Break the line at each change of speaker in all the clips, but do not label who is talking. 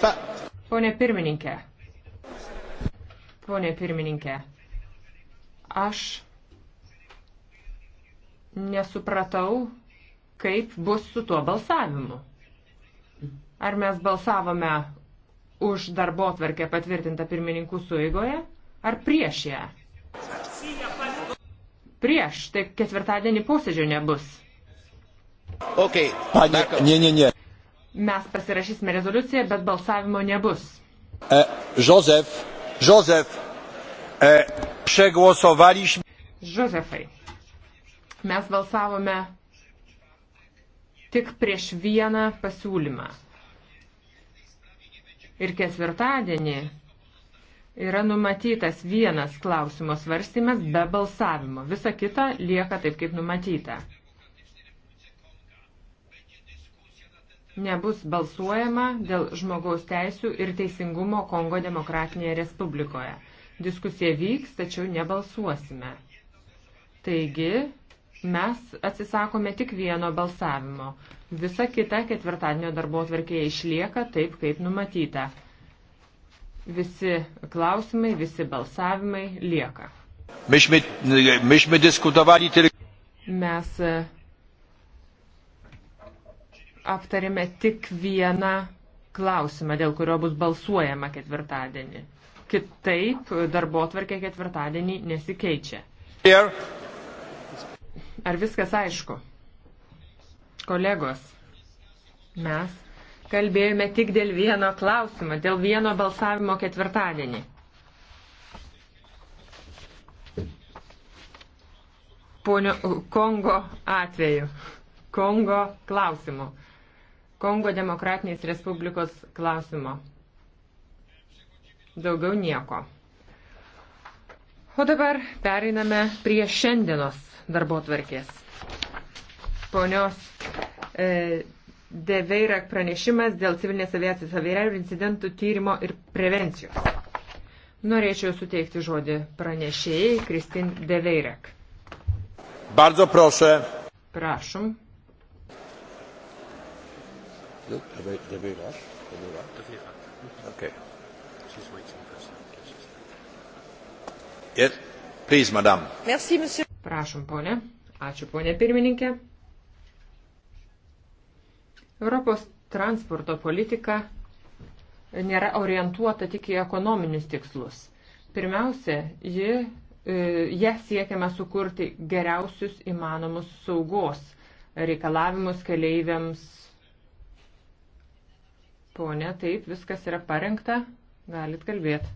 Pa...
Pone pirmininkė. Pone pirmininkė. Aš nesupratau, kaip bus su tuo balsavimu. Ar mes balsavome už darbo atvarkę patvirtintą pirmininkų suigoje, ar prieš ją? Prieš, tai ketvirtadienį posėdžio nebus. Okay, Pane, ne, ne, ne. Mes pasirašysime rezoliuciją, bet balsavimo nebus. E, Josef, Josef, e, przegłosowaliśmy. Josefai, mes balsavome tik prieš vieną pasiūlymą. Ir ketvirtadienį yra numatytas vienas klausimo svarstymas be balsavimo. Visa kita lieka taip, kaip numatyta. nebus balsuojama dėl žmogaus teisų ir teisingumo Kongo demokratinėje respublikoje. Diskusija vyks, tačiau nebalsuosime. Taigi, mes atsisakome tik vieno balsavimo. Visa kita ketvirtadienio darbo atvarkėje išlieka taip, kaip numatyta. Visi klausimai, visi balsavimai lieka. Myśmy, myśmy dyskutowali tylko. Mes aptarėme tik vieną klausimą, dėl kurio bus balsuojama ketvirtadienį. Kitaip darbo atvarkė ketvirtadienį nesikeičia. Ir. Ar viskas aišku? Kolegos, mes kalbėjome tik dėl vieno klausimo, dėl vieno balsavimo ketvirtadienį. Ponio Kongo atveju. Kongo klausimu. Kongo demokratinės Respublikos klausimo. Daugiau nieko. O dabar pereiname prie šiandienos darbo tvarkės. Ponios e, Deveirak pranešimas dėl civilinės aviacijos aviarių incidentų tyrimo ir prevencijos. Norėčiau suteikti žodį pranešėjai Kristin Deveirak. Bardzo proszę. Prašom. Look, the very, the very last. The very last. The very last. Okay. She's waiting for us. Yes, please, madam. Merci, monsieur. Prašom, ponė. Ačiū, ponė pirmininkė. Europos transporto politika nėra orientuota tik į ekonominius tikslus. Pirmiausia, ji, jie siekiama sukurti geriausius įmanomus saugos reikalavimus keleiviams Pone, taip, viskas yra parengta, galit kalbėti.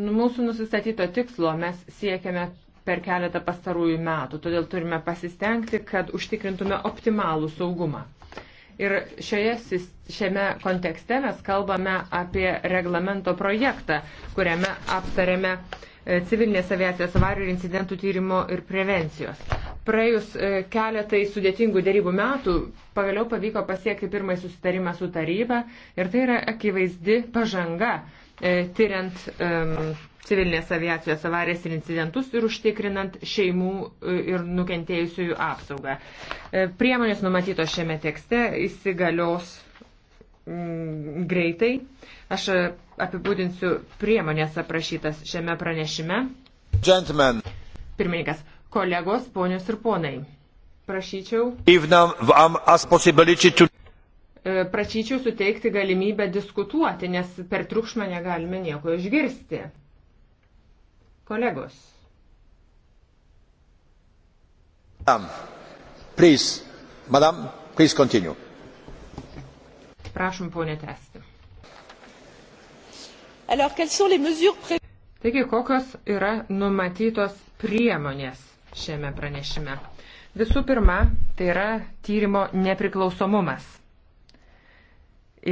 Nu, mūsų nusistatyto tikslo mes siekiame per keletą pastarųjų metų, todėl turime pasistengti, kad užtikrintume optimalų saugumą. Ir šioje, šiame kontekste mes kalbame apie reglamento projektą, kuriame aptarėme e, civilinės aviacijos avarijų ir incidentų tyrimo ir prevencijos praėjus e, keletai sudėtingų dėrybų metų pagaliau pavyko pasiekti pirmąjį susitarimą su taryba ir tai yra akivaizdi pažanga e, tyriant um, civilinės aviacijos avarijas ir incidentus ir užtikrinant šeimų e, ir nukentėjusiųjų apsaugą. Priemonės numatytos šiame tekste įsigalios mm, greitai. Aš apibūdinsiu priemonės aprašytas šiame pranešime. Gentlemen. Pirmininkas, Kolegos, ponios ir ponai, prašyčiau. To... E, prašyčiau suteikti galimybę diskutuoti, nes per triukšmą negalime nieko išgirsti. Kolegos. Madam, please, madam, please continue. Prašom, ponė, tęsti. Alors, quelles sont les mesures prévues? Taigi, kokios yra numatytos priemonės šiame pranešime. Visų pirma, tai yra tyrimo nepriklausomumas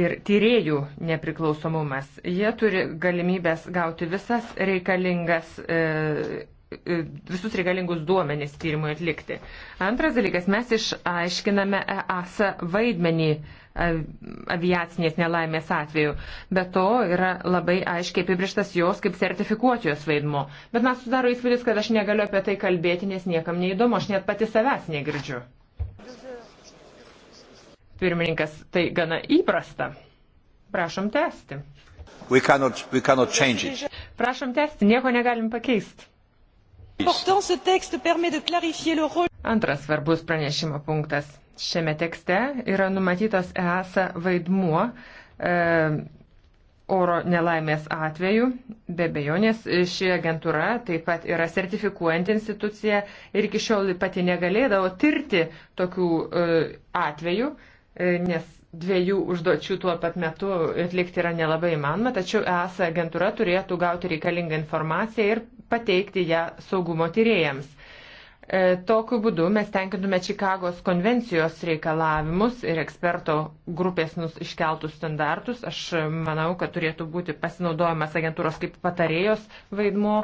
ir tyriejų nepriklausomumas. Jie turi galimybės gauti visas reikalingas e, E, visus reikalingus duomenis tyrimui atlikti. Antras dalykas, mes išaiškiname EAS vaidmenį e, aviacinės nelaimės atveju. Be to yra labai aiškiai apibrištas jos kaip sertifikuotojos vaidmo. Bet man sudaro įspūdis, kad aš negaliu apie tai kalbėti, nes niekam neįdomu, aš net pati savęs negirdžiu. Pirmininkas, tai gana įprasta. Prašom tęsti.
We cannot, we cannot
Prašom tęsti, nieko negalim pakeisti. Antras svarbus pranešimo punktas. Šiame tekste yra numatytas EASA vaidmuo e, oro nelaimės atveju. Be bejonės, ši agentūra taip pat yra sertifikuojanti institucija ir iki šiol pati negalėdavo tirti tokių e, atvejų, e, nes dviejų užduočių tuo pat metu atlikti yra nelabai įmanoma, tačiau ES agentūra turėtų gauti reikalingą informaciją ir pateikti ją saugumo tyrėjams. E, tokiu būdu mes tenkintume Čikagos konvencijos reikalavimus ir eksperto grupės iškeltus standartus. Aš manau, kad turėtų būti pasinaudojamas agentūros kaip patarėjos vaidmo.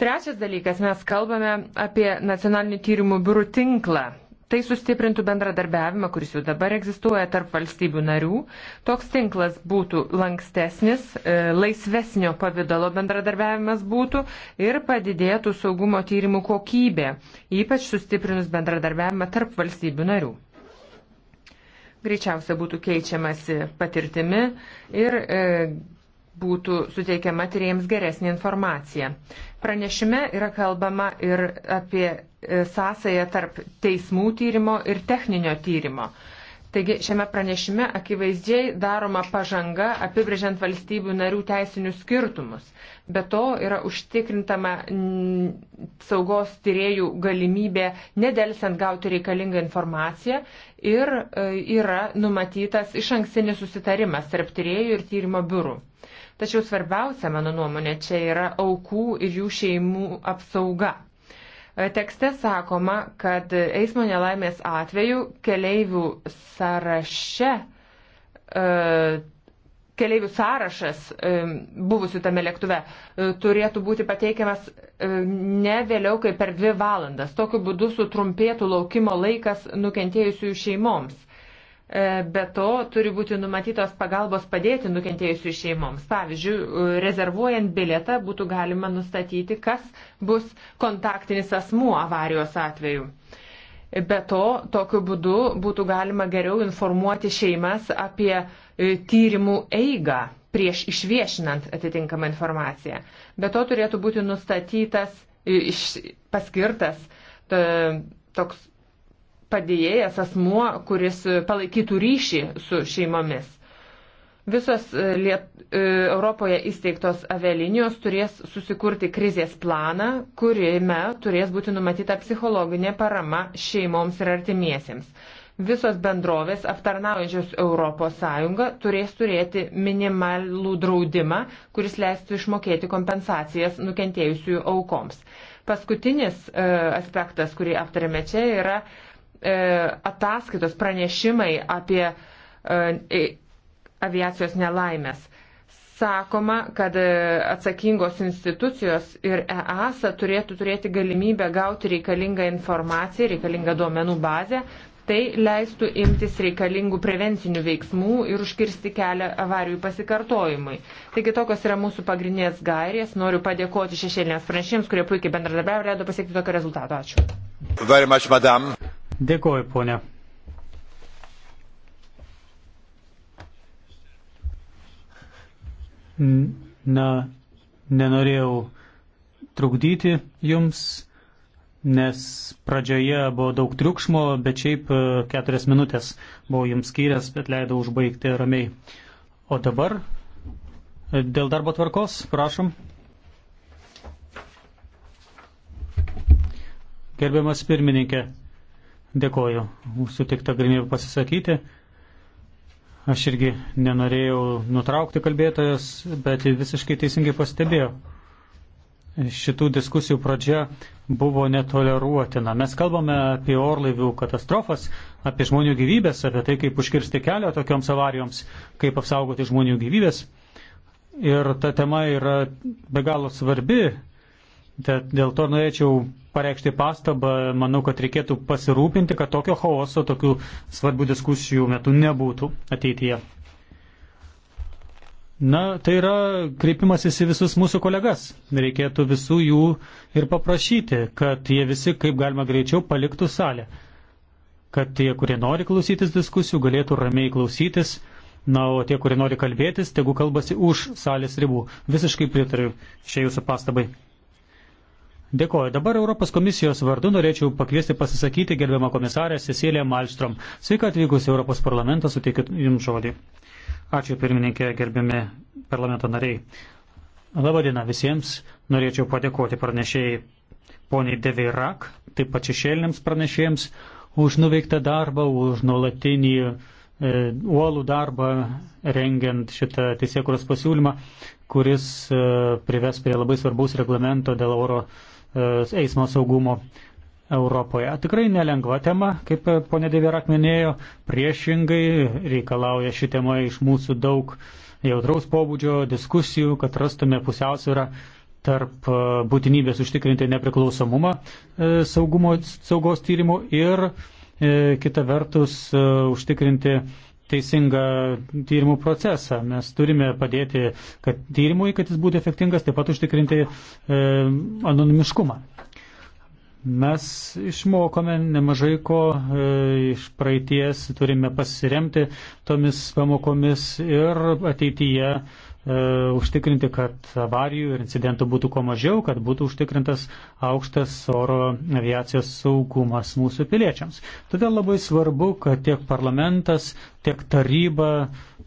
Trečias dalykas, mes kalbame apie nacionalinių tyrimų biurų tinklą. Tai sustiprintų bendradarbiavimą, kuris jau dabar egzistuoja tarp valstybių narių. Toks tinklas būtų lankstesnis, e, laisvesnio pavydalo bendradarbiavimas būtų ir padidėtų saugumo tyrimų kokybė, ypač sustiprinus bendradarbiavimą tarp valstybių narių. Greičiausia būtų keičiamasi patirtimi ir e, būtų suteikiama tyriems geresnė informacija. Pranešime yra kalbama ir apie E, sąsaja tarp teismų tyrimo ir techninio tyrimo. Taigi šiame pranešime akivaizdžiai daroma pažanga apibrėžiant valstybių narių teisinius skirtumus. Be to yra užtikrintama saugos tyriejų galimybė nedelsiant gauti reikalingą informaciją ir e, yra numatytas iš ankstinis susitarimas tarp tyriejų ir tyrimo biurų. Tačiau svarbiausia, mano nuomonė, čia yra aukų ir jų šeimų apsauga. Tekste sakoma, kad eismo nelaimės atveju keleivių sąraše e, keleivių sąrašas e, buvusių tame lėktuve e, turėtų būti pateikiamas ne vėliau kaip per dvi valandas. Tokiu būdu sutrumpėtų laukimo laikas nukentėjusiųjų šeimoms. E, be to turi būti numatytos pagalbos padėti nukentėjusių šeimoms. Pavyzdžiui, e, rezervuojant bilietą būtų galima nustatyti, kas bus kontaktinis asmuo avarijos atveju. Be to, tokiu būdu būtų galima geriau informuoti šeimas apie e, tyrimų eigą prieš išviešinant atitinkamą informaciją. Be to turėtų būti nustatytas, paskirtas toks padėjėjas asmuo, kuris palaikytų ryšį su šeimomis. Visos e, Liet... E, Europoje įsteigtos avelinijos turės susikurti krizės planą, kuriame turės būti numatyta psichologinė parama šeimoms ir artimiesiems. Visos bendrovės aptarnaujančios ES turės turėti minimalų draudimą, kuris leistų išmokėti kompensacijas nukentėjusiųjų aukoms. Paskutinis e, aspektas, kurį aptarėme čia, yra e, E, ataskaitos pranešimai apie e, e, aviacijos nelaimės. Sakoma, kad atsakingos institucijos ir EASA turėtų turėti galimybę gauti reikalingą informaciją, reikalingą duomenų bazę. Tai leistų imtis reikalingų prevencinių veiksmų ir užkirsti kelią avarijų pasikartojimui. Taigi tokios yra mūsų pagrindinės gairės. Noriu padėkoti šešėlinės pranešėjams, kurie puikiai bendradarbiavo ir leido pasiekti tokio rezultato. Ačiū. Very much, madam.
Dėkoju, ponė. Na, nenorėjau trukdyti jums, nes pradžioje buvo daug triukšmo, bet šiaip e, keturias minutės buvau jums skyręs, bet leidau užbaigti ramiai. O dabar e, dėl darbo tvarkos, prašom. Gerbiamas pirmininkė, Dėkoju, sutikta galimybė pasisakyti. Aš irgi nenorėjau nutraukti kalbėtojas, bet visiškai teisingai pastebėjau. Šitų diskusijų pradžia buvo netoleruotina. Mes kalbame apie orlaivių katastrofas, apie žmonių gyvybės, apie tai, kaip užkirsti kelią tokioms avarijoms, kaip apsaugoti žmonių gyvybės. Ir ta tema yra be galo svarbi. Dėl to norėčiau pareikšti pastabą, manau, kad reikėtų pasirūpinti, kad tokio chaoso, tokių svarbių diskusijų metu nebūtų ateityje. Na, tai yra kreipimasis į visus mūsų kolegas. Reikėtų visų jų ir paprašyti, kad jie visi kaip galima greičiau paliktų salę. Kad tie, kurie nori klausytis diskusijų, galėtų ramiai klausytis. Na, o tie, kurie nori kalbėtis, tegu kalbasi už salės ribų. Visiškai pritariu šiai jūsų pastabai. Dėkoju. Dabar Europos komisijos vardu norėčiau pakviesti pasisakyti gerbiamą komisarę Ceciliją Malstrom. Sveika atvykusi Europos parlamentą, suteikit jums žodį. Ačiū pirmininkė, gerbiami parlamento nariai. Labadiena visiems. Norėčiau padėkoti pranešėjai poniai Deveirak, taip pat šešėliniams pranešėjams už nuveiktą darbą, už nuolatinį e, uolų darbą, rengiant šitą teisėkuros pasiūlymą, kuris e, prives prie labai svarbaus reglamento dėl oro E, eismo saugumo Europoje. Tikrai nelengva tema, kaip ponė Deverak minėjo, priešingai reikalauja ši tema iš mūsų daug jautraus pobūdžio diskusijų, kad rastume pusiausvyrą tarp e, būtinybės užtikrinti nepriklausomumą e, saugumo, saugos tyrimų ir kita vertus užtikrinti teisingą tyrimų procesą. Mes turime padėti, kad tyrimui, kad jis būtų efektingas, taip pat užtikrinti e, anonimiškumą. Mes išmokome nemažai ko e, iš praeities, turime pasiremti tomis pamokomis ir ateityje e, E, užtikrinti, kad avarijų ir incidentų būtų kuo mažiau, kad būtų užtikrintas aukštas oro aviacijos saugumas mūsų piliečiams. Todėl labai svarbu, kad tiek parlamentas, tiek taryba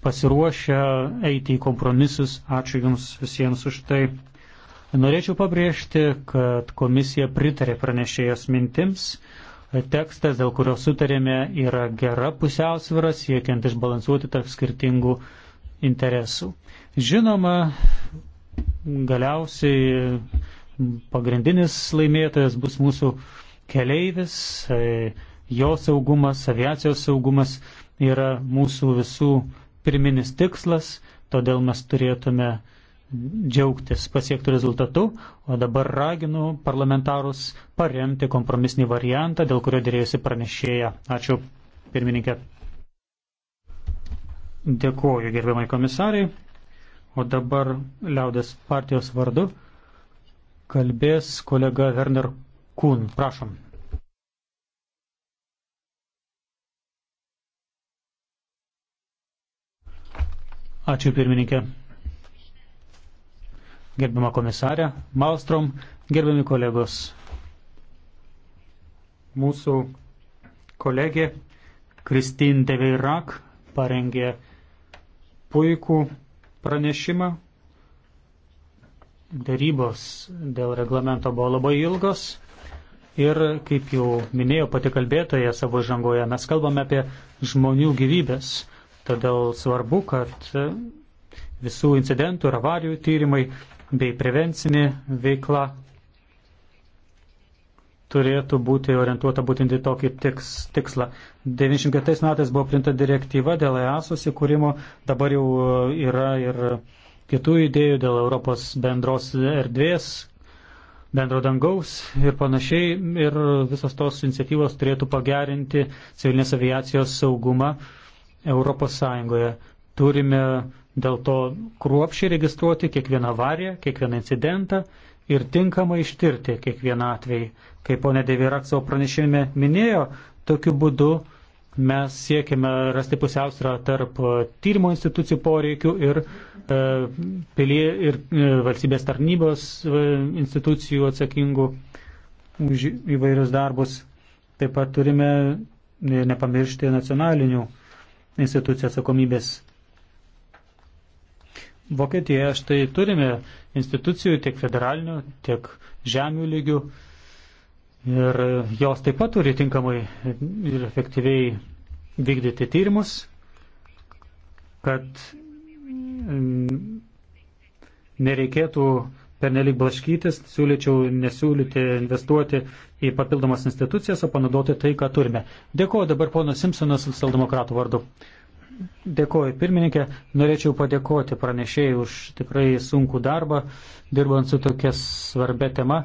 pasiruošia eiti į kompromisus. Ačiū Jums visiems už tai. Norėčiau pabrėžti, kad komisija pritarė pranešėjos mintims tekstas, dėl kurio sutarėme, yra gera pusiausvyra, siekiant išbalansuoti tarp skirtingų interesų. Žinoma, galiausiai pagrindinis laimėtojas bus mūsų keleivis, e, jo saugumas, aviacijos saugumas yra mūsų visų pirminis tikslas, todėl mes turėtume džiaugtis pasiektų rezultatų, o dabar raginu parlamentarus paremti kompromisinį variantą, dėl kurio dėrėjusi pranešėja. Ačiū, pirmininkė. Dėkuoju gerbiamai komisariai. O dabar liaudės partijos vardu kalbės kolega Werner Kuhn. Prašom. Ačiū pirmininkė. Gerbiama komisarė Malstrom, gerbiami kolegos. Mūsų kolegė Kristin Deveirak parengė puikų pranešimą. Darybos dėl reglamento buvo labai ilgos ir, kaip jau minėjo pati kalbėtoja savo žangoje, mes kalbame apie žmonių gyvybės. Todėl svarbu, kad visų incidentų ir avarijų tyrimai bei prevencinė veikla turėtų būti orientuota būtent į tokį tiks, tikslą. 95 metais buvo printa direktyva dėl EASOS įkūrimo, dabar jau yra ir kitų idėjų dėl Europos bendros erdvės, bendro dangaus ir panašiai. Ir visos tos iniciatyvos turėtų pagerinti civilinės aviacijos saugumą Europos Sąjungoje. Turime dėl to kruopšiai registruoti kiekvieną avariją, kiekvieną incidentą ir tinkamai ištirti kiekvieną atvejį. Kaip ponė Devirak savo pranešime minėjo, tokiu būdu mes siekime rasti pusiausvyrą tarp tyrimo institucijų poreikių ir, e, pilie, ir e, valstybės tarnybos e, institucijų atsakingų už įvairius darbus. Taip pat turime nepamiršti nacionalinių institucijų atsakomybės Vokietijoje štai turime institucijų tiek federalinių, tiek žemių lygių ir jos taip pat turi tinkamai ir efektyviai vykdyti tyrimus, kad mm, nereikėtų pernelyg blaškytis, siūlyčiau nesiūlyti investuoti į papildomas institucijas, o panaudoti tai, ką turime. Dėkuoju dabar ponas Simpsonas, socialdemokratų vardu. Dėkoju pirmininkė, norėčiau padėkoti pranešėjai už tikrai sunkų darbą, dirbant su tokia svarbia tema.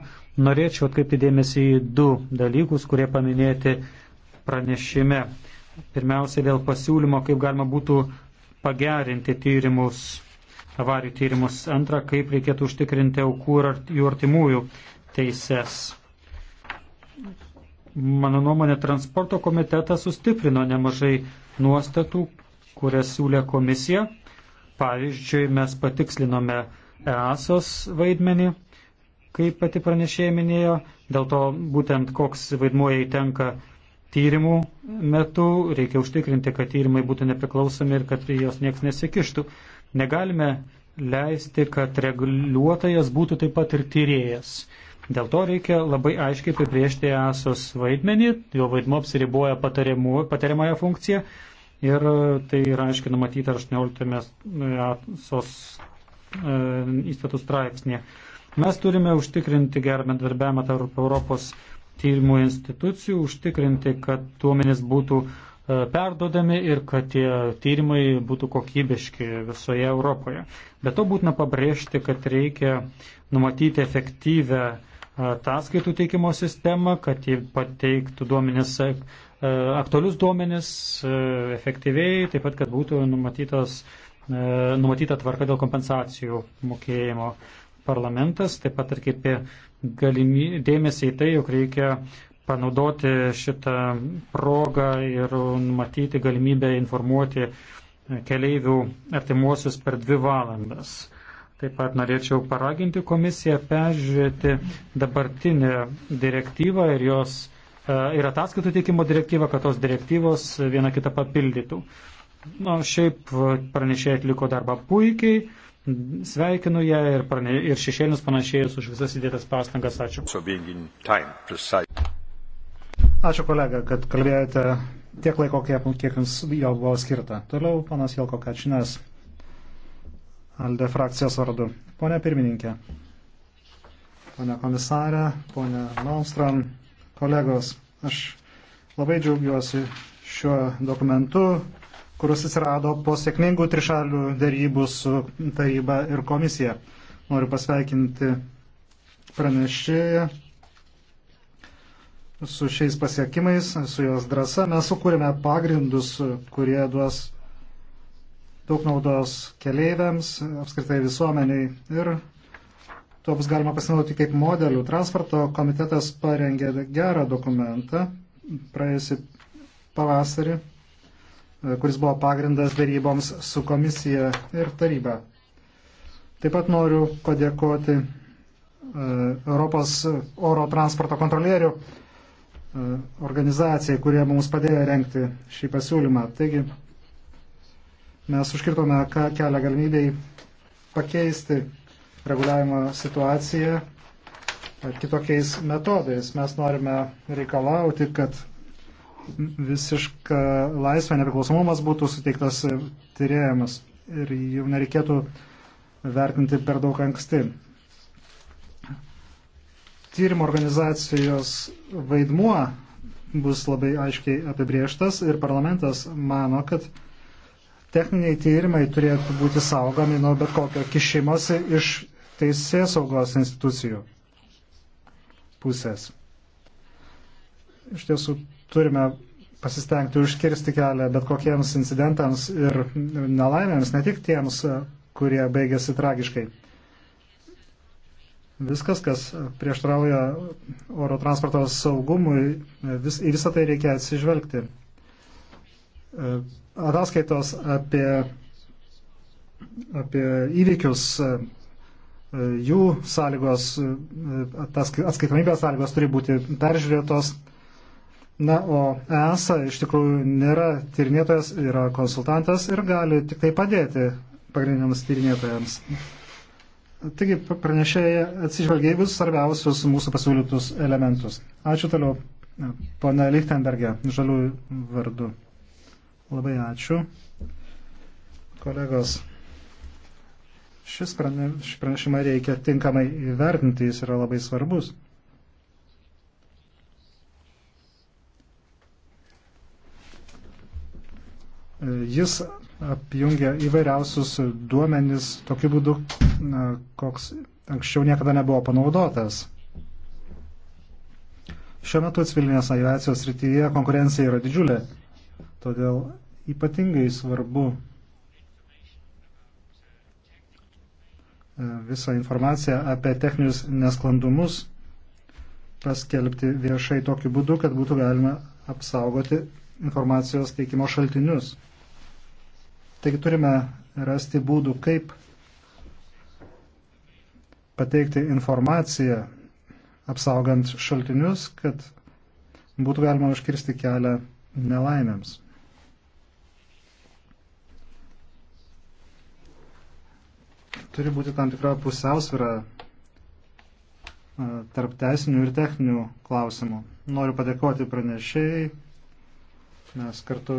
Norėčiau atkreipti dėmesį į du dalykus, kurie paminėti pranešime. Pirmiausia, dėl pasiūlymo, kaip galima būtų pagerinti tyrimus, avarijų tyrimus. Antra, kaip reikėtų užtikrinti aukų ir jų artimųjų teises. Mano nuomonė, transporto komitetas sustiprino nemažai nuostatų, kurias siūlė komisija. Pavyzdžiui, mes patikslinome EASOS vaidmenį, kaip pati pranešėja minėjo, dėl to būtent koks vaidmuo jai tenka tyrimų metu, reikia užtikrinti, kad tyrimai būtų nepriklausomi ir kad jos nieks nesikištų. Negalime leisti, kad reguliuotojas būtų taip pat ir tyrėjas. Dėl to reikia labai aiškiai apibriežti EASOS vaidmenį, jo vaidmo apsiriboja patariamoje funkcija Ir e, tai yra aiškiai numatyta 18-osios e, e, įstatų straipsnė. Mes turime užtikrinti gerą bendradarbiavimą tarp Europos tyrimų institucijų, užtikrinti, kad duomenys būtų perdodami ir kad tie tyrimai būtų kokybiški visoje Europoje. Bet to būtina pabrėžti, kad reikia numatyti efektyvę ataskaitų teikimo sistemą, kad ji pateiktų duomenis E, aktualius duomenis e, efektyviai, taip pat, kad būtų numatytos, e, numatyta tvarka dėl kompensacijų mokėjimo. Parlamentas taip pat atkreipė dėmesį į tai, jog reikia panaudoti šitą progą ir numatyti galimybę informuoti keleivių artimuosius per dvi valandas. Taip pat norėčiau paraginti komisiją peržiūrėti dabartinę direktyvą ir jos E, ir ataskaitų teikimo direktyvą, kad tos direktyvos viena kitą papildytų. Na, nu, šiaip e, pranešėjai atliko darbą puikiai, sveikinu ją ir, prane,
ir šešėlinius panašėjus už visas įdėtas pastangas. Ačiū. Ačiū kolega, kad kalbėjote tiek laiko, kiek, kiek jums jo buvo skirta. Toliau panas Jelko Kačinas, Alde frakcijos vardu. Pone pirmininkė, pone komisarė, pone Malmström. Kolegos, aš labai džiaugiuosi šiuo dokumentu, kuris atsirado po sėkmingų trišalių dėrybų su taryba ir komisija. Noriu pasveikinti pranešėją su šiais pasiekimais, su jos drąsa. Mes sukūrėme pagrindus, kurie duos daug naudos keleiviams, apskritai visuomeniai ir to bus galima pasinaudoti kaip modelių. Transporto komitetas parengė gerą dokumentą praėjusi pavasarį, e, kuris buvo pagrindas daryboms su komisija ir taryba. Taip pat noriu padėkoti e, Europos oro transporto kontrolierių e, organizacijai, kurie mums padėjo renkti šį pasiūlymą. Taigi mes užkirtome kelią galimybėjai pakeisti reguliavimo situaciją kitokiais metodais. Mes norime reikalauti, kad visiška laisvė, nepriklausomumas būtų suteiktas tyrėjams ir jų nereikėtų vertinti per daug anksti. Tyrimo organizacijos vaidmuo bus labai aiškiai apibrieštas ir parlamentas mano, kad techniniai tyrimai turėtų būti saugomi nuo bet kokio kišimosi iš teisės saugos institucijų pusės. Iš tiesų turime pasistengti užkirsti kelią bet kokiems incidentams ir nelaimėms, ne tik tiems, kurie baigėsi tragiškai. Viskas, kas prieštrauja oro transporto saugumui, vis, į visą tai reikia atsižvelgti. Ataskaitos apie, apie įvykius E, jų sąlygos, e, atskaitomybės sąlygos turi būti peržiūrėtos. Na, o ESA iš tikrųjų nėra tyrinėtojas, yra konsultantas ir gali tik tai padėti pagrindiniams tyrinėtojams. Taigi, pranešėjai atsižvelgia į visus svarbiausius mūsų pasiūlytus elementus. Ačiū toliau, pana Lichtenberge, žalių vardu. Labai ačiū. Kolegos. Šis pranešimą reikia tinkamai įvertinti, jis yra labai svarbus. Jis apjungia įvairiausius duomenis tokiu būdu, koks anksčiau niekada nebuvo panaudotas. Šiuo metu civilinės aviacijos srityje konkurencija yra didžiulė, todėl ypatingai svarbu visą informaciją apie techninius nesklandumus paskelbti viešai tokiu būdu, kad būtų galima apsaugoti informacijos teikimo šaltinius. Taigi turime rasti būdų, kaip pateikti informaciją, apsaugant šaltinius, kad būtų galima užkirsti kelią nelaimėms. turi būti tam tikra pusiausvyrą e, tarp teisinių ir techninių klausimų. Noriu padėkoti pranešėjai, mes kartu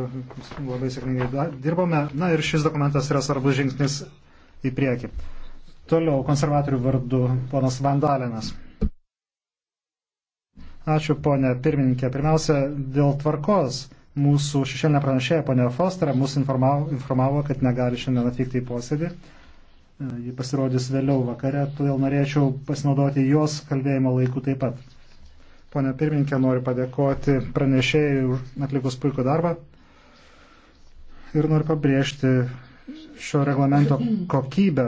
labai sėkmingai dirbome. Na ir šis dokumentas yra svarbus žingsnis į priekį. Toliau konservatorių vardu ponas Vandalinas. Ačiū ponė pirmininkė. Pirmiausia, dėl tvarkos mūsų šešėlinė pranešėja ponė Foster mūsų informavo, informavo, kad negali šiandien atvykti į posėdį. E, ji pasirodys vėliau vakare, todėl norėčiau pasinaudoti jos kalbėjimo laiku taip pat. Pone pirmininkė, noriu padėkoti pranešėjai už atlikus puikų darbą ir noriu pabrėžti šio reglamento kokybę.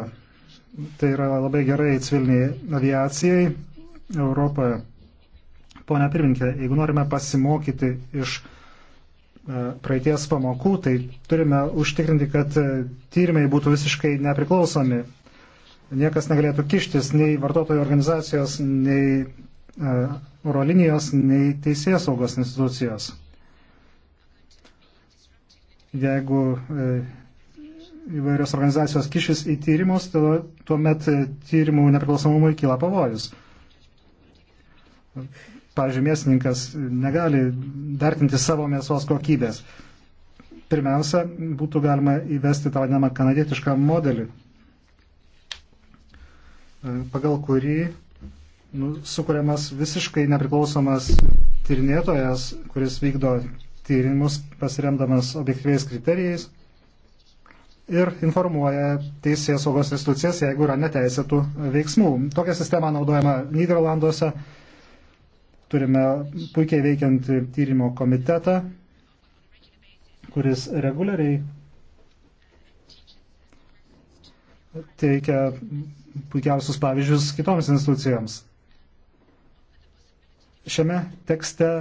Tai yra labai gerai civiliniai aviacijai Europoje. Pone pirmininkė, jeigu norime pasimokyti iš E, praeities pamokų, tai turime užtikrinti, kad e, tyrimai būtų visiškai nepriklausomi. Niekas negalėtų kištis nei vartotojų organizacijos, nei e, oro linijos, nei teisės saugos institucijos. Jeigu įvairios organizacijos kišis į tyrimus, tuomet tyrimų nepriklausomumui kyla pavojus pavyzdžiui, mėsininkas negali vertinti savo mėsos kokybės. Pirmiausia, būtų galima įvesti tą vadinamą kanadietišką modelį, e, pagal kurį nu, sukūriamas visiškai nepriklausomas tyrinėtojas, kuris vykdo tyrimus pasiremdamas objektyviais kriterijais ir informuoja teisės saugos institucijas, jeigu yra neteisėtų veiksmų. Tokią sistemą naudojama Niderlanduose, Turime puikiai veikiantį tyrimo komitetą, kuris reguliariai teikia puikiausius pavyzdžius kitoms institucijoms. Šiame tekste,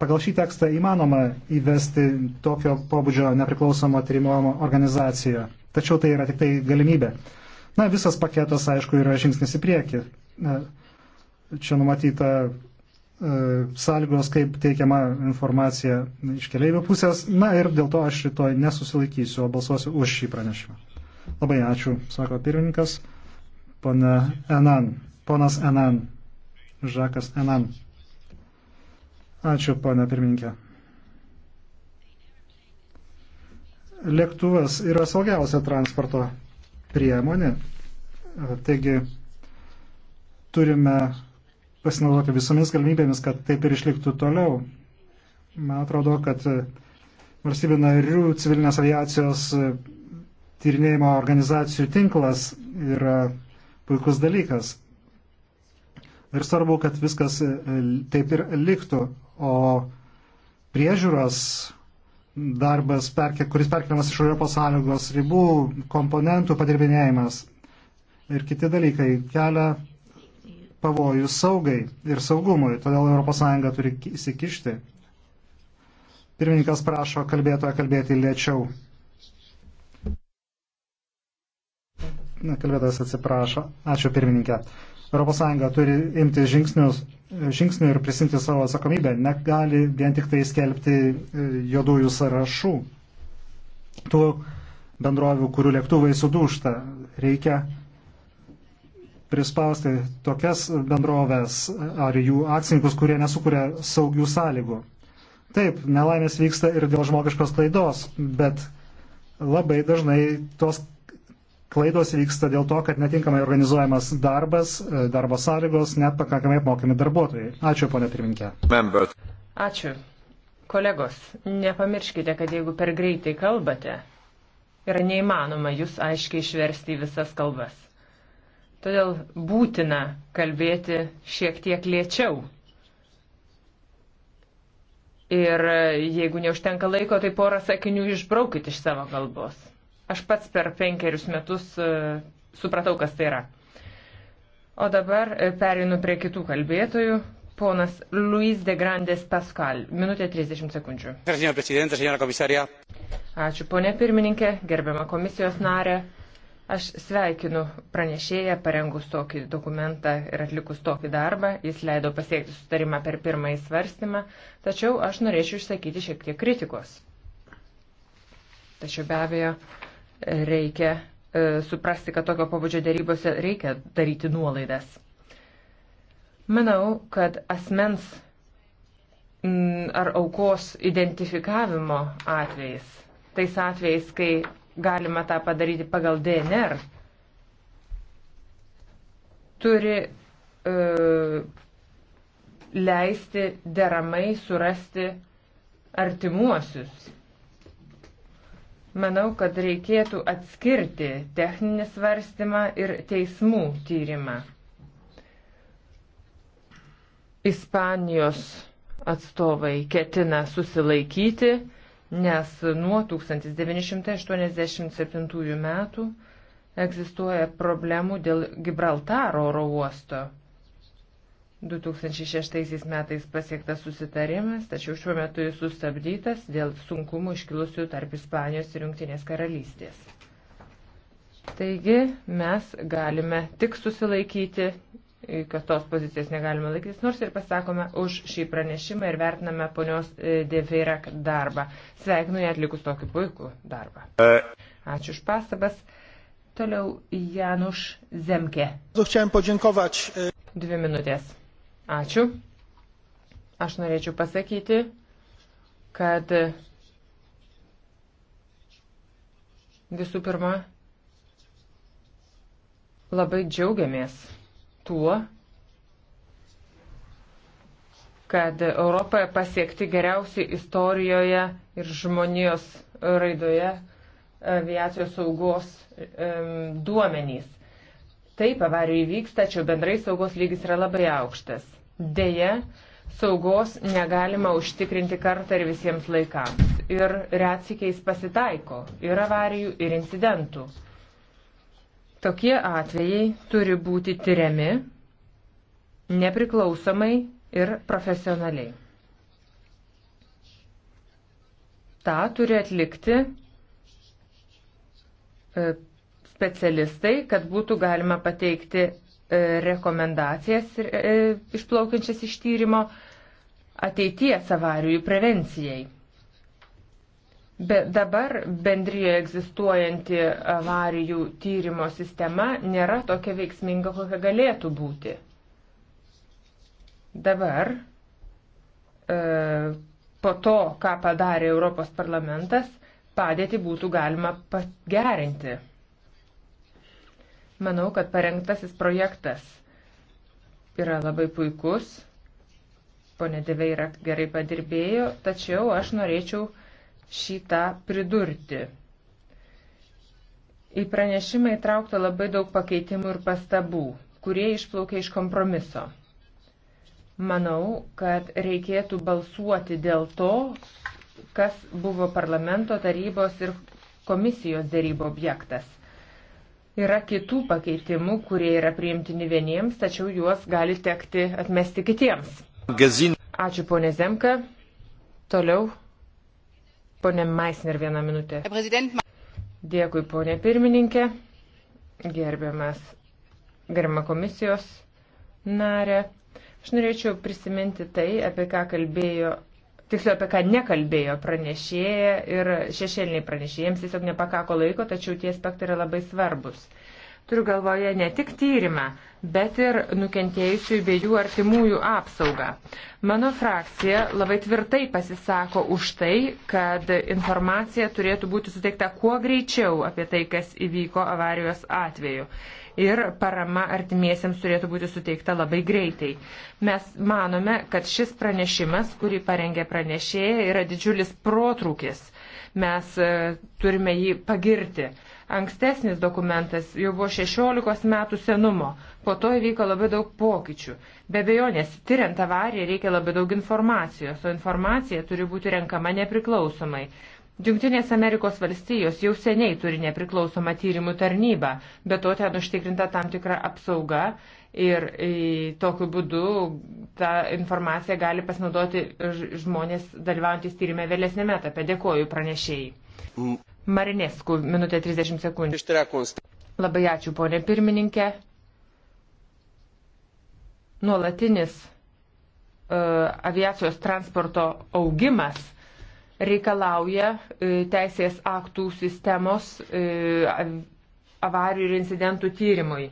pagal šį tekstą įmanoma įvesti tokio pobūdžio nepriklausomo tyrimo organizaciją. Tačiau tai yra tik tai galimybė. Na, visas paketas, aišku, yra žingsnis į priekį. Čia numatyta E, sąlygos, kaip teikiama informacija iš keliaivių pusės. Na ir dėl to aš rytoj nesusilaikysiu, o balsuosiu už šį pranešimą. Labai ačiū, sako pirmininkas. Pana Enan. Ponas Enan. Žakas Enan. Ačiū, pana pirmininkė. Lėktuvas yra saugiausia transporto priemonė. Taigi turime pasinaudoti visomis galimybėmis, kad taip ir išliktų toliau. Man atrodo, kad e, valstybių narių civilinės aviacijos e, tyrinėjimo organizacijų tinklas yra puikus dalykas. Ir svarbu, kad viskas e, taip ir liktų, o priežiūros darbas, kuris perkeliamas iš Europos Sąjungos ribų, komponentų padirbinėjimas ir kiti dalykai kelia pavojus saugai ir saugumui, todėl ES turi įsikišti. Pirmininkas prašo kalbėtoje kalbėti lėčiau. Na, kalbėtojas atsiprašo. Ačiū pirmininkė. ES turi imti žingsnius, žingsnių ir prisimti savo atsakomybę. Negali vien tik tai skelbti e, juodųjų sąrašų tų bendrovių, kurių lėktuvai sudūšta. Reikia prispausti tokias bendrovės ar jų akcininkus, kurie nesukuria saugių sąlygų. Taip, nelaimės vyksta ir dėl žmogiškos klaidos, bet labai dažnai tos klaidos vyksta dėl to, kad netinkamai organizuojamas darbas, darbo sąlygos, net pakankamai apmokami darbuotojai. Ačiū, ponė pirminkė. Membert.
Ačiū. Kolegos, nepamirškite, kad jeigu per greitai kalbate, yra neįmanoma jūs aiškiai išversti į visas kalbas. Todėl būtina kalbėti šiek tiek lėčiau. Ir jeigu neužtenka laiko, tai porą sakinių išbraukit iš savo kalbos. Aš pats per penkerius metus e, supratau, kas tai yra. O dabar e, perinu prie kitų kalbėtojų. Ponas Luis de Grandes Pascal, minutė 30
sekundžių.
Ačiū, ponė pirmininkė, gerbiama komisijos narė. Aš sveikinu pranešėją parengus tokį dokumentą ir atlikus tokį darbą. Jis leido pasiekti sustarimą per pirmąjį svarstymą, tačiau aš norėčiau išsakyti šiek tiek kritikos. Tačiau be abejo reikia e, suprasti, kad tokio pabudžio dėrybose reikia daryti nuolaidas. Manau, kad asmens ar aukos identifikavimo atvejais, tais atvejais, kai galima tą padaryti pagal DNR, turi e, leisti deramai surasti artimuosius. Manau, kad reikėtų atskirti techninį svarstymą ir teismų tyrimą. Ispanijos atstovai ketina susilaikyti nes nuo 1987 metų egzistuoja problemų dėl Gibraltaro oro uosto. 2006 metais pasiektas susitarimas, tačiau šiuo metu jis sustabdytas dėl sunkumų iškilusių tarp Ispanijos ir Junktinės karalystės. Taigi mes galime tik susilaikyti, kad tos pozicijos negalime laikytis, nors ir pasakome už šį pranešimą ir vertiname ponios e, Deverak darbą. Sveikinu ją atlikus tokį puikų darbą. E. Ačiū už pastabas. Toliau Januš Zemke. E, Dvi minutės. Ačiū. Aš norėčiau pasakyti, kad visų pirma, labai džiaugiamės tuo, kad Europoje pasiekti geriausi istorijoje ir žmonijos raidoje aviacijos saugos duomenys. Taip, avarijų įvyksta, tačiau bendrai saugos lygis yra labai aukštas. Deja, saugos negalima užtikrinti kartą ir visiems laikams. Ir retsikiais pasitaiko ir avarijų, ir incidentų. Tokie atvejai turi būti tyriami nepriklausomai ir profesionaliai. Ta turi atlikti e, specialistai, kad būtų galima pateikti e, rekomendacijas e, išplaukiančias iš tyrimo ateities avarijų prevencijai. Bet dabar bendryje egzistuojanti avarijų tyrimo sistema nėra tokia veiksminga, kokia galėtų būti. Dabar, e, po to, ką padarė Europos parlamentas, padėtį būtų galima pagerinti. Manau, kad parengtasis projektas yra labai puikus. Pone Deveira gerai padirbėjo, tačiau aš norėčiau šitą pridurti. Į pranešimą įtraukta labai daug pakeitimų ir pastabų, kurie išplaukia iš kompromiso. Manau, kad reikėtų balsuoti dėl to, kas buvo parlamento tarybos ir komisijos dėrybo objektas. Yra kitų pakeitimų, kurie yra priimtini vieniems, tačiau juos gali tekti atmesti kitiems.
Ačiū
ponė Zemka. Toliau Pone Maisner, vieną minutę. Dėkui, ponė pirmininkė, gerbiamas, gerbiama komisijos narė. Aš norėčiau prisiminti tai, apie ką kalbėjo, tiksliau apie ką nekalbėjo pranešėja ir šešėliniai pranešėjams tiesiog nepakako laiko, tačiau tie aspektai yra labai svarbus. Turiu galvoje ne tik tyrimą, bet ir nukentėjusių bei jų artimųjų apsaugą. Mano frakcija labai tvirtai pasisako už tai, kad informacija turėtų būti suteikta kuo greičiau apie tai, kas įvyko avarijos atveju. Ir parama artimiesiems turėtų būti suteikta labai greitai. Mes manome, kad šis pranešimas, kurį parengė pranešėja, yra didžiulis protrūkis Mes e, turime jį pagirti. Ankstesnis dokumentas jau buvo 16 metų senumo, po to įvyko labai daug pokyčių. Be bejonės, tyriant avariją reikia labai daug informacijos, o informacija turi būti renkama nepriklausomai. Junktinės Amerikos valstijos jau seniai turi nepriklausomą tyrimų tarnybą, bet to ten užtikrinta tam tikra apsauga ir e, tokiu būdu tą informaciją gali pasinaudoti žmonės dalyvaujantis tyrimę vėlesnėme etape. Dėkoju pranešėjai. Marinesku, minutė 30 sekundžių. Labai ačiū, ponė pirmininkė. Nuolatinis uh, aviacijos transporto augimas reikalauja e, teisės aktų sistemos e, avarijų ir incidentų tyrimui.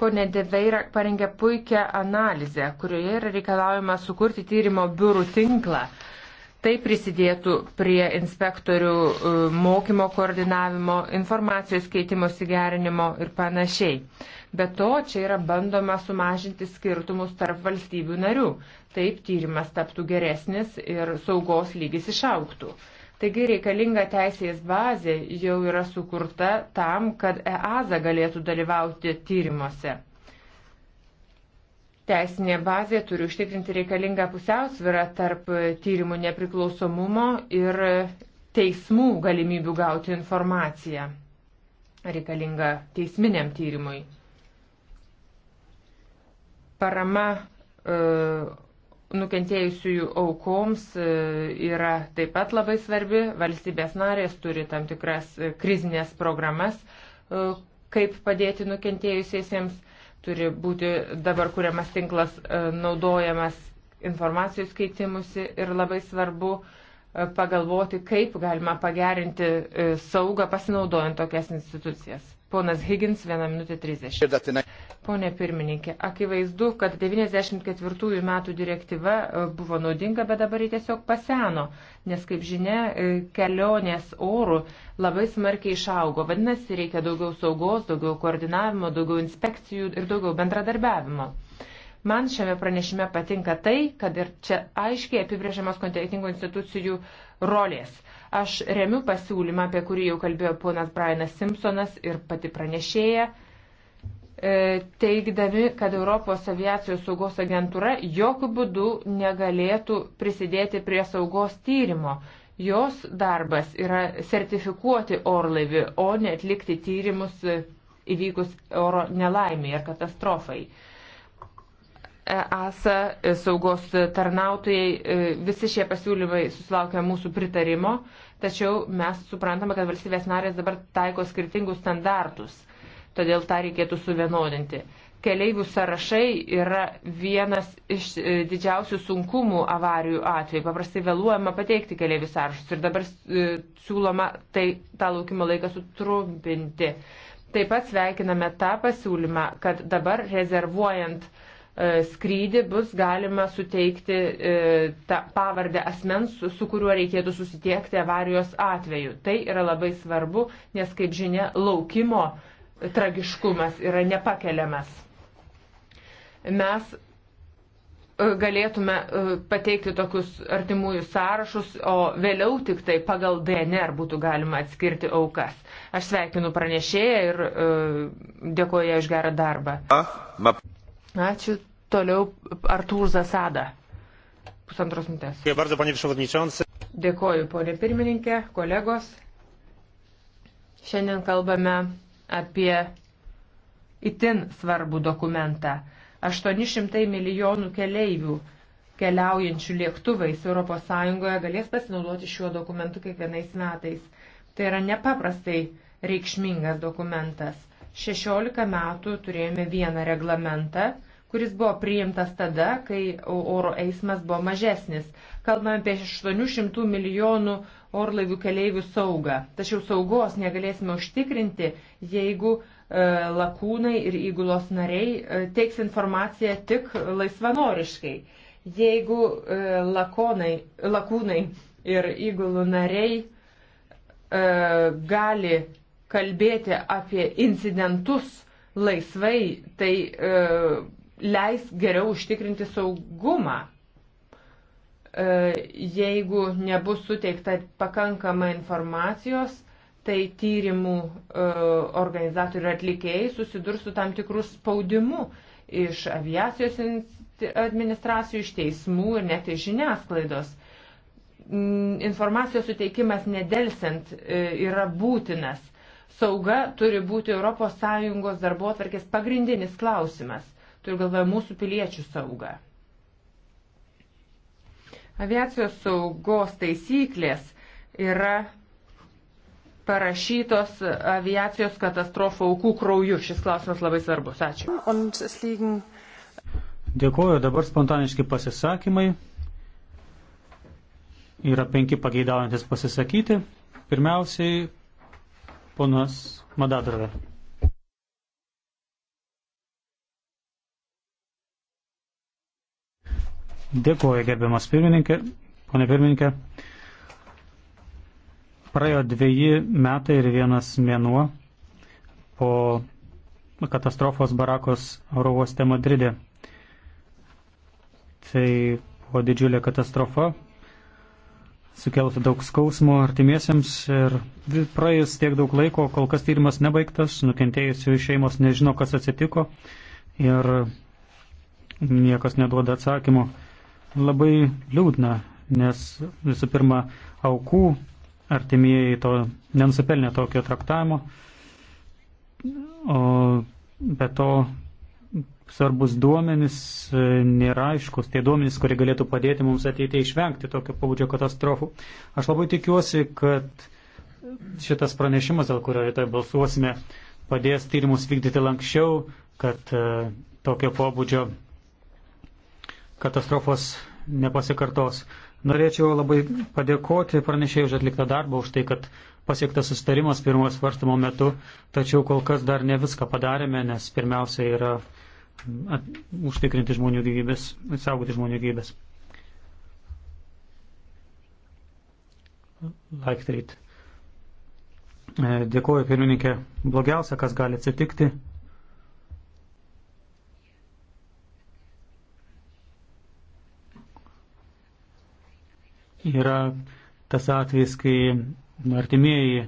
Pone Deveira parengė puikią analizę, kurioje yra reikalaujama sukurti tyrimo biurų tinklą. Tai prisidėtų prie inspektorių e, mokymo koordinavimo, informacijos keitimo sigerinimo ir panašiai. Be to, čia yra bandoma sumažinti skirtumus tarp valstybių narių. Taip tyrimas taptų geresnis ir saugos lygis išauktų. Taigi reikalinga teisės bazė jau yra sukurta tam, kad EASA galėtų dalyvauti tyrimuose. Teisinė bazė turi užtikrinti reikalingą pusiausvyrą tarp tyrimų nepriklausomumo ir teismų galimybių gauti informaciją reikalingą teisminiam tyrimui. Parama e, nukentėjusiųjų aukoms e, yra taip pat labai svarbi. Valstybės narės turi tam tikras e, krizinės programas, kaip padėti nukentėjusiesiems. Turi būti dabar kuriamas tinklas naudojamas informacijos keitimusi ir labai svarbu pagalvoti, kaip galima pagerinti saugą pasinaudojant tokias institucijas. Ponas Higgins, 1 minutė 30. Pone pirmininkė, akivaizdu, kad 94 metų direktyva e, buvo naudinga, bet dabar jį tiesiog paseno, nes, kaip žinia, e, kelionės orų labai smarkiai išaugo. Vadinasi, reikia daugiau saugos, daugiau koordinavimo, daugiau inspekcijų ir daugiau bendradarbiavimo. Man šiame pranešime patinka tai, kad ir čia aiškiai apibrėžiamas kompetentingų institucijų rolės. Aš remiu pasiūlymą, apie kurį jau kalbėjo ponas Brianas Simpsonas ir pati pranešėja, e, teigdami, kad Europos aviacijos saugos agentūra jokių būdų negalėtų prisidėti prie saugos tyrimo. Jos darbas yra sertifikuoti orlaivį, o ne atlikti tyrimus įvykus oro nelaimiai ar katastrofai. EASA, e, saugos tarnautojai, e, visi šie pasiūlymai susilaukia mūsų pritarimo, tačiau mes suprantame, kad valstybės narės dabar taiko skirtingus standartus, todėl tą reikėtų suvienodinti. Keleivių sąrašai yra vienas iš e, didžiausių sunkumų avarijų atveju. Paprastai vėluojama pateikti keleivių sąrašus ir dabar siūloma tai, tą laukimo laiką sutrumpinti. Taip pat sveikiname tą pasiūlymą, kad dabar rezervuojant uh, E, skrydį bus galima suteikti e, tą pavardę asmens, su, su kuriuo reikėtų susitiekti avarijos atveju. Tai yra labai svarbu, nes, kaip žinia, laukimo tragiškumas yra nepakeliamas. Mes e, galėtume pateikti tokius artimųjų sąrašus, o vėliau tik tai pagal DNR būtų galima atskirti aukas. Aš sveikinu pranešėją ir dėkoju už gerą darbą. Ah, Ačiū toliau Artūr Zasada. Pusantros minutės. Dėkoju, ponė pirmininkė, kolegos. Šiandien kalbame apie itin svarbų dokumentą. 800 milijonų keleivių keliaujančių lėktuvais ES galės pasinaudoti šiuo dokumentu kiekvienais metais. Tai yra nepaprastai reikšmingas dokumentas. 16 metų turėjome vieną reglamentą kuris buvo priimtas tada, kai oro eismas buvo mažesnis. Kalbame apie 800 milijonų orlaivių keleivių saugą. Tačiau saugos negalėsime užtikrinti, jeigu e, lakūnai ir įgulos nariai e, teiks informaciją tik laisvanoriškai. Jeigu e, lakonai, lakūnai ir įgulų nariai e, gali kalbėti apie incidentus laisvai, tai e, leis geriau užtikrinti saugumą. E, jeigu nebus suteikta pakankama informacijos, tai tyrimų e, organizatorių ir atlikėjai susidurs su tam tikrus spaudimu iš aviacijos administracijų, iš teismų ir net iš žiniasklaidos. Informacijos suteikimas nedelsiant e, yra būtinas. Sauga turi būti ES darbo atvarkės pagrindinis klausimas Turiu galvoje mūsų piliečių saugą. Aviacijos saugos taisyklės yra parašytos aviacijos katastrofų aukų krauju. Šis klausimas labai svarbus. Ačiū.
Dėkuoju. Dabar spontaniški pasisakymai. Yra penki pageidaujantis pasisakyti. Pirmiausiai, ponas Madadrovė. Dėkuoju, gerbiamas pirmininkė, ponė pirmininkė. Praėjo dviejį metai ir vienas mėnuo po katastrofos barakos oro uoste Madride. Tai buvo didžiulė katastrofa, sukeltų daug skausmo artimiesiems ir praėjus tiek daug laiko, kol kas tyrimas nebaigtas, nukentėjusių šeimos nežino, kas atsitiko ir niekas neduoda atsakymų labai liūdna, nes visų pirma, aukų artimieji to nenusipelnė tokio traktavimo, o be to svarbus duomenys e, nėra aiškus, tie duomenys, kurie galėtų padėti mums ateityje išvengti tokio pabudžio katastrofų. Aš labai tikiuosi, kad šitas pranešimas, dėl kurio rytoj balsuosime, padės tyrimus vykdyti lankščiau, kad e, tokio pobūdžio katastrofos nepasikartos. Norėčiau labai padėkoti pranešėjai už atliktą darbą, už tai, kad pasiektas sustarimas pirmojo svarstymo metu, tačiau kol kas dar ne viską padarėme, nes pirmiausia yra at, užtikrinti žmonių gyvybės, saugoti žmonių gyvybės. Like Dėkuoju, pirmininkė. Blogiausia, kas gali atsitikti, yra tas atvejis, kai artimieji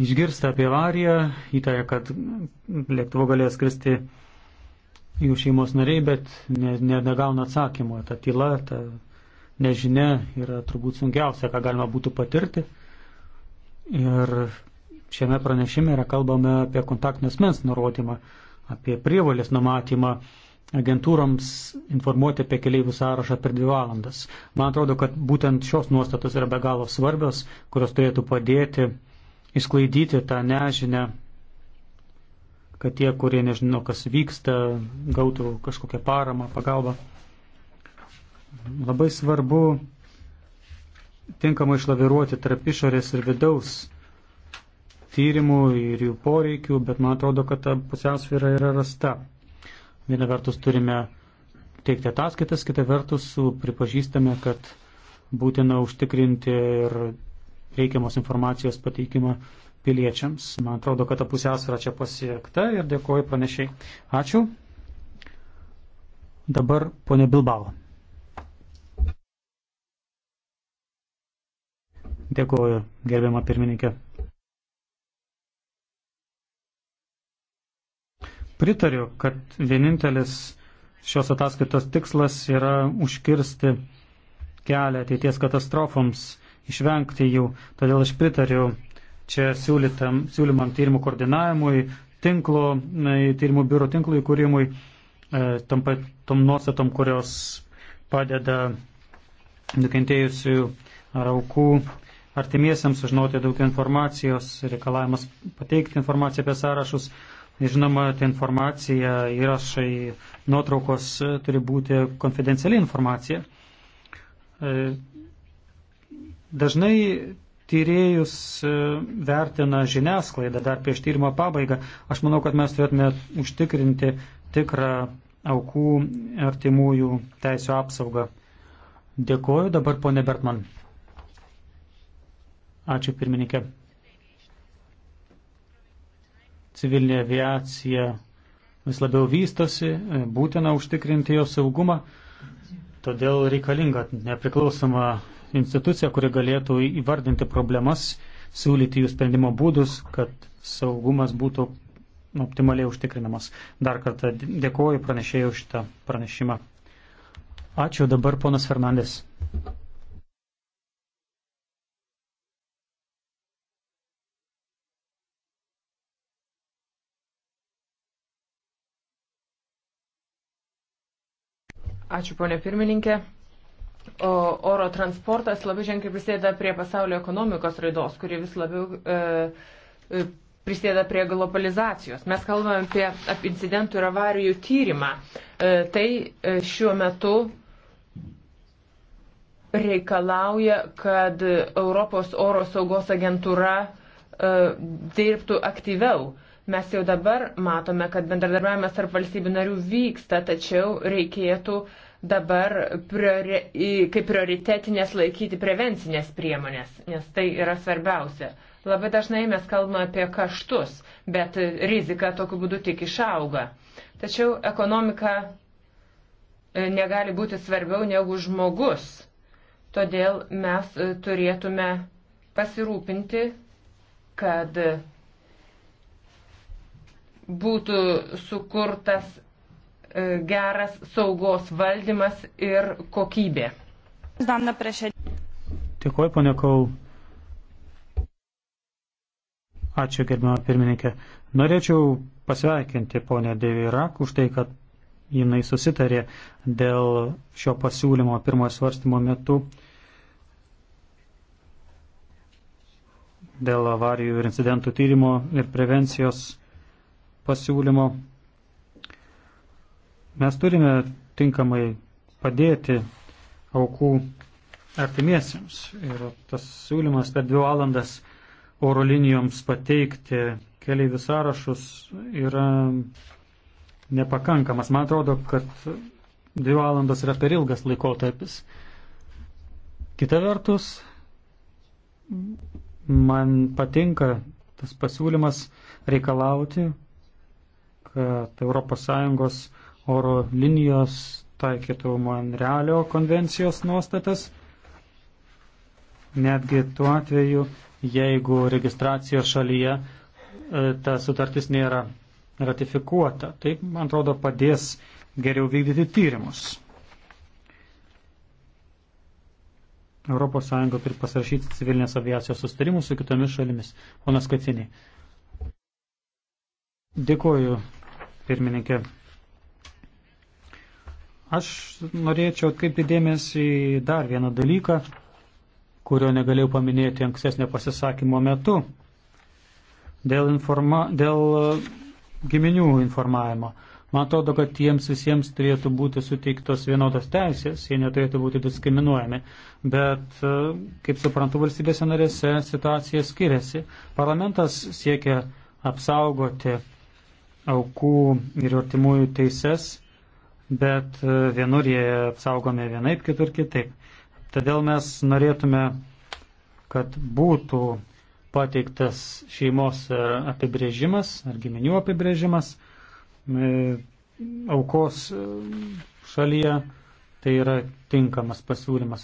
išgirsta apie avariją, įtaja, kad lėktuvo galės skristi jų šeimos nariai, bet ne, ne, negauna atsakymo. Ta tyla, ta nežinia yra turbūt sunkiausia, ką galima būtų patirti. Ir šiame pranešime yra kalbame apie kontaktinės mens nurodymą, apie prievalės numatymą agentūroms informuoti apie keliaivių sąrašą per dvi valandas. Man atrodo, kad būtent šios nuostatos yra be galo svarbios, kurios turėtų padėti išsklaidyti tą nežinę, kad tie, kurie nežino, kas vyksta, gautų kažkokią paramą, pagalbą. Labai svarbu tinkamai išlaviruoti tarp išorės ir vidaus tyrimų ir jų poreikių, bet man atrodo, kad ta pusiausvyrą yra rasta. Viena vertus turime teikti ataskaitas, kita vertus pripažįstame, kad būtina užtikrinti ir reikiamos informacijos pateikimą piliečiams. Man atrodo, kad ta pusiausvara čia pasiekta ir dėkoju pranešiai. Ačiū. Dabar ponė Bilbao. Dėkoju, gerbiama pirmininkė. pritariu, kad vienintelis šios ataskaitos tikslas yra užkirsti kelią ateities katastrofoms, išvengti jų. Todėl aš pritariu čia siūlytam, siūlymam tyrimų koordinavimui, tinklo, tyrimų biuro tinklo įkūrimui, e, tom, tom nuostatom, kurios padeda nukentėjusių ar aukų artimiesiams sužinoti daug informacijos, reikalavimas pateikti informaciją apie sąrašus. Žinoma, ta informacija, įrašai, nuotraukos e, turi būti konfidenciali informacija. E, dažnai tyrėjus e, vertina žiniasklaida dar prieš tyrimo pabaigą. Aš manau, kad mes turėtume užtikrinti tikrą aukų artimųjų teisų apsaugą. Dėkuoju dabar ponė Bertman. Ačiū pirmininkė civilinė aviacija vis labiau vystosi, e, būtina užtikrinti jo saugumą, todėl reikalinga nepriklausoma institucija, kuri galėtų įvardinti problemas, siūlyti jų sprendimo būdus, kad saugumas būtų optimaliai užtikrinamas. Dar kartą dėkuoju pranešėjai už šitą pranešimą. Ačiū dabar ponas Fernandės.
Ačiū, ponė pirmininkė. O oro transportas labai ženkliai prisideda prie pasaulio ekonomikos raidos, kuri vis labiau e, e, prisideda prie globalizacijos. Mes kalbame apie, apie incidentų ir avarijų tyrimą. E, tai e, šiuo metu reikalauja, kad Europos oro saugos agentūra e, dirbtų aktyviau. E, Mes jau dabar matome, kad bendradarbiavimas tarp valstybių narių vyksta, tačiau reikėtų dabar priori, kaip prioritetinės laikyti prevencinės priemonės, nes tai yra svarbiausia. Labai dažnai mes kalbame apie kaštus, bet rizika tokiu būdu tik išauga. Tačiau ekonomika e, negali būti svarbiau negu žmogus. Todėl mes e, turėtume pasirūpinti, kad būtų sukurtas e, geras saugos valdymas ir kokybė. Dėkuoju,
ponia Kau. Ačiū, gerbama pirmininkė. Norėčiau pasveikinti ponę Devirak už tai, kad jinai susitarė dėl šio pasiūlymo pirmojo svarstymo metu dėl avarijų ir incidentų tyrimo ir prevencijos pasiūlymo. Mes turime tinkamai padėti aukų artimiesiems ir tas siūlymas per dvi valandas oro linijoms pateikti keliaivių sąrašus yra nepakankamas. Man atrodo, kad dvi valandos yra per ilgas laikotarpis. Kita vertus, man patinka tas pasiūlymas reikalauti, kad ES oro linijos taikytų Monrealio konvencijos nuostatas, netgi tuo atveju, jeigu registracijos šalyje e, ta sutartis nėra ratifikuota. Tai, man atrodo, padės geriau vykdyti tyrimus. ES turi pasirašyti civilinės aviacijos sustarimus su kitomis šalimis. Ponas Kaciniai. Dėkuoju pirmininkė. Aš norėčiau atkreipti dėmesį į dar vieną dalyką, kurio negalėjau paminėti ankstesnio pasisakymo metu, dėl, informa, dėl e, giminių informavimo. Man atrodo, kad jiems visiems turėtų būti suteiktos vienodos teisės, jie neturėtų būti diskriminuojami. Bet, e, kaip suprantu, valstybėse narėse situacija skiriasi. Parlamentas siekia apsaugoti aukų ir artimųjų teises, bet e, vienur jie apsaugome vienaip, kitur kitaip. Todėl mes norėtume, kad būtų pateiktas šeimos e, apibrėžimas ar giminių apibrėžimas e, aukos šalyje. Tai yra tinkamas pasiūlymas.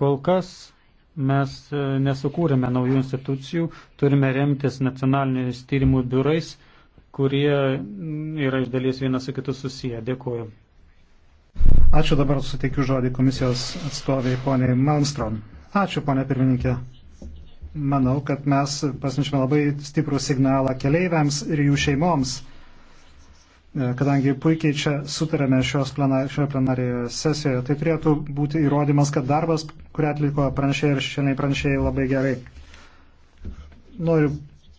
Kol kas mes nesukūrėme naujų institucijų, turime remtis nacionaliniais tyrimų biurais kurie yra iš dalies vienas su kitu susiję. Dėkuoju.
Ačiū dabar suteikiu žodį komisijos atstoviai poniai Malmstrom. Ačiū ponė pirmininkė. Manau, kad mes pasinčiame labai stiprų signalą keleiviams ir jų šeimoms, e, kadangi puikiai čia sutarėme plenar, šioje plenarėje sesijoje. Tai turėtų būti įrodymas, kad darbas, kurį atliko pranešėjai ir šiandien pranešėjai labai gerai. Noriu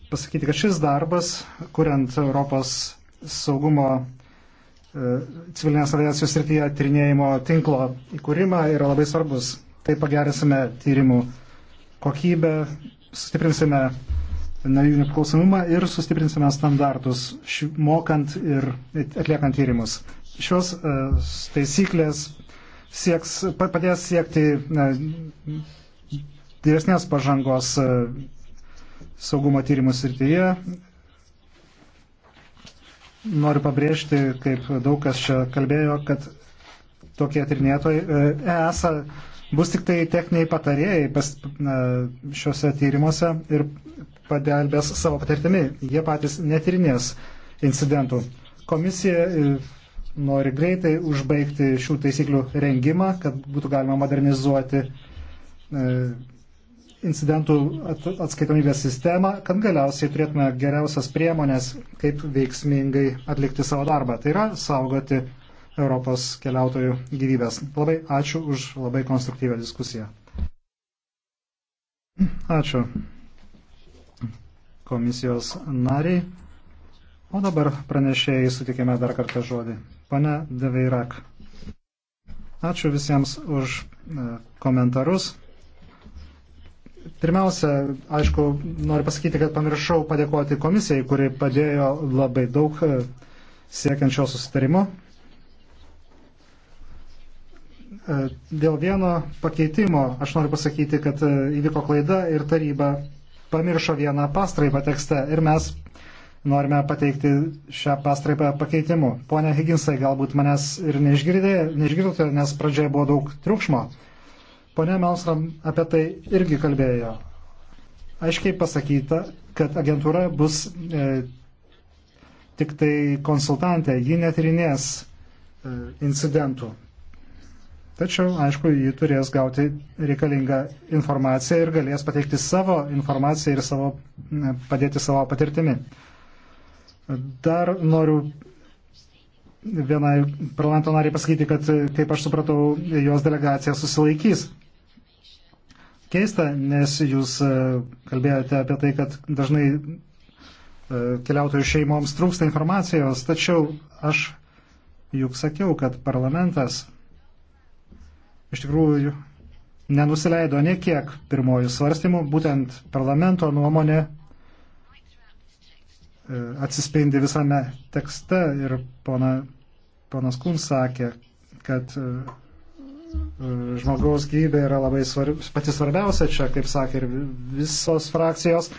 pasakyti, kad šis darbas, kuriant Europos saugumo e, civilinės aviacijos srityje tyrinėjimo tinklo įkūrimą yra labai svarbus. Tai pagerinsime tyrimų kokybę, sustiprinsime naujų nepriklausomumą ir sustiprinsime standartus ši, mokant ir atliekant tyrimus. Šios uh, taisyklės sieks, padės siekti uh, didesnės pažangos uh, saugumo tyrimų srityje. Noriu pabrėžti, kaip daug kas čia kalbėjo, kad tokie tyrinėtojai esą bus tik tai techniniai patarėjai pas, šiuose tyrimuose ir padelbės savo patirtimi. Jie patys netirinės incidentų. Komisija e, nori greitai užbaigti šių taisyklių rengimą, kad būtų galima modernizuoti e, incidentų atskaitomybės sistemą, kad galiausiai turėtume geriausias priemonės, kaip veiksmingai atlikti savo darbą. Tai yra saugoti Europos keliautojų gyvybės. Labai ačiū už labai konstruktyvę diskusiją. Ačiū komisijos nariai. O dabar pranešėjai sutikime dar kartą žodį. Pane Deveirak. Ačiū visiems už e, komentarus. Pirmiausia, aišku, noriu pasakyti, kad pamiršau padėkoti komisijai, kuri padėjo labai daug e, siekiančio susitarimo. E, dėl vieno pakeitimo aš noriu pasakyti, kad e, įvyko klaida ir taryba pamiršo vieną pastraipą tekste ir mes norime pateikti šią pastraipą pakeitimu. Pone Higginsai, galbūt manęs ir neišgirdote, nes pradžioje buvo daug triukšmo. Pone Melsram apie tai irgi kalbėjo. Aiškiai pasakyta, kad agentūra bus e, tik tai konsultantė, ji netirinės e, incidentų. Tačiau, aišku, ji turės gauti reikalingą informaciją ir galės pateikti savo informaciją ir savo, padėti savo patirtimi. Dar noriu vienai parlamento nariai pasakyti, kad, kaip aš supratau, jos delegacija susilaikys keista, nes jūs e, kalbėjote apie tai, kad dažnai e, keliautojų šeimoms trūksta informacijos, tačiau aš juk sakiau, kad parlamentas iš tikrųjų nenusileido niekiek pirmojų svarstymų, būtent parlamento nuomonė e, atsispindi visame tekste ir pona, ponas Kun sakė, kad žmogaus gyvybė yra labai svarb, pati svarbiausia čia, kaip sakė ir visos frakcijos.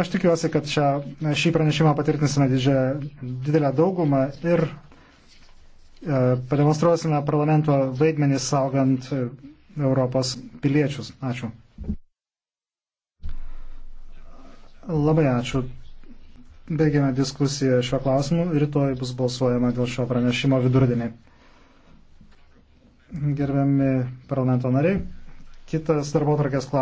Aš tikiuosi, kad čia, šį pranešimą patvirtinsime didžią, didelę daugumą ir e, pademonstruosime parlamento vaidmenį saugant e, Europos piliečius. Ačiū. Labai ačiū. Baigėme diskusiją šiuo klausimu. Rytoj bus balsuojama dėl šio pranešimo vidurdienį gerbiami parlamento nariai. Kitas darbo tvarkės klausimas.